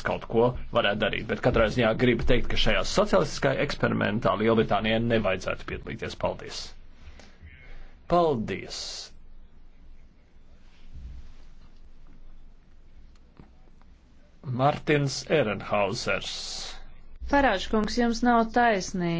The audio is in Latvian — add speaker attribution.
Speaker 1: valsts kaut ko varētu darīt. Bet katrā ziņā gribu teikt, ka šajā sociālistiskajā eksperimentā Lielbritānijai nevajadzētu piedalīties. Paldies! Paldies!
Speaker 2: Martins Ehrenhausers.
Speaker 3: Parāžkungs, jums nav taisnība.